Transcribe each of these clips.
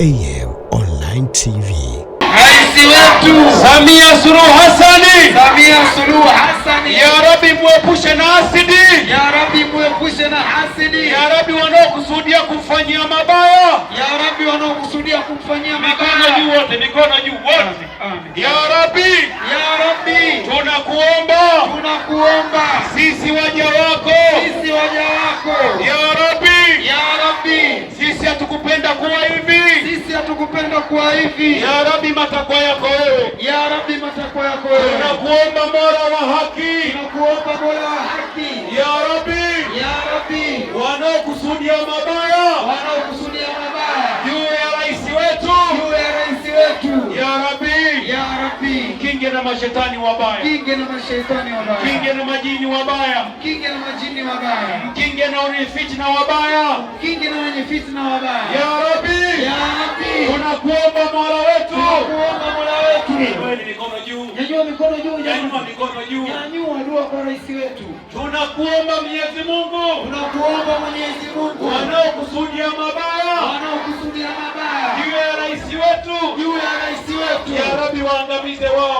AM Online TV. Rais wetu Samia Suluhu Hasani, Samia Suluhu Hasani, ya Rabbi muepushe na hasidi, ya Rabbi muepushe na hasidi, ya Rabbi wanaokusudia kumfanyia mabaya, ya Rabbi wanaokusudia kumfanyia mabaya, mikono juu wote, mikono juu wote, ya Rabbi, ya Rabbi, tunakuomba, tunakuomba sisi waje Ya Rabbi, matakwa yako wewe. Ya Rabbi, matakwa yako wewe. Tunakuomba Mola wa haki. Tunakuomba Mola wa haki. Ya Rabbi. Ya Rabbi. Wanaokusudia mabaya kinge na mashetani wabaya. kinge na mashetani wabaya. kinge na majini wabaya. kinge na majini wabaya. kinge na wenye fitna wabaya. kinge na wenye fitna wabaya. Ya Rabbi. Ya Rabbi. Tunakuomba Mola wetu. Tunakuomba Mola wetu. Inua mikono juu. Inua mikono juu. Inua mikono juu. Nyanyua dua kwa rais wetu. Tunakuomba Mwenyezi Mungu. Tunakuomba Mwenyezi Mungu. Wanaokusudia mabaya. Wanaokusudia mabaya. Juu ya rais wetu. Juu ya rais wetu. Ya Rabbi waangamize wao.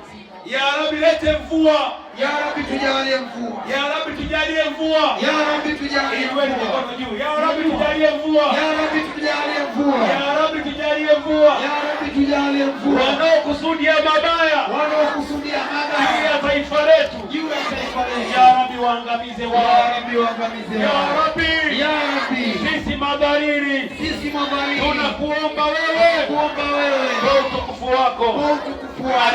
Ya Rabbi lete mvua. Ya Rabbi tujalie mvua. Ya Rabbi tujalie mvua. Ya Rabbi tujalie mvua. Ya Rabbi tujalie mvua. Ya Rabbi tujalie mvua. Ya Rabbi tujalie mvua. Ya Rabbi tujalie mvua. Wanaokusudia mabaya. Wanaokusudia mabaya. Juu ya taifa letu. Juu ya taifa letu. Ya Rabbi waangamize wao. Ya Rabbi waangamize wao. Ya Rabbi. Ya Rabbi. Sisi madhariri. Sisi madhariri. Tunakuomba wewe. Tunakuomba wewe. Kwa utukufu wako. Kwa utukufu kwa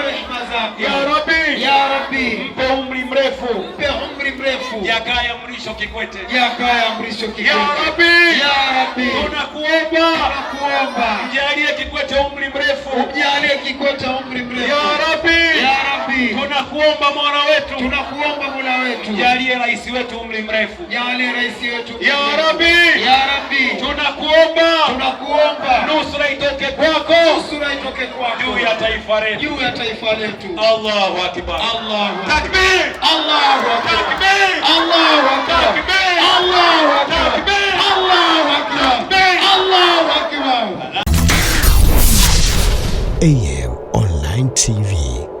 rehema zako. ya Rabbi, ya Rabbi, mpe umri mrefu, mpe umri mrefu Jakaya Mrisho Kikwete, Jakaya Mrisho Kikwete, ya Rabbi, ya Rabbi, tunakuomba, tunakuomba mjalie Kikwete umri mrefu, mjalie Kikwete umri mrefu, ya Rabbi, ya Rabbi, tunakuomba mwana wetu, tunakuomba mwana wetu, mjalie rais wetu umri mrefu, mjalie rais wetu, ya Rabbi, ya itoke kwako juu ya taifa letu, juu ya taifa letu. Allahu akbar, Allahu takbir, Allahu takbir, Allahu takbir, Allahu takbir, Allahu akbar, Allahu akbar. AM Online TV.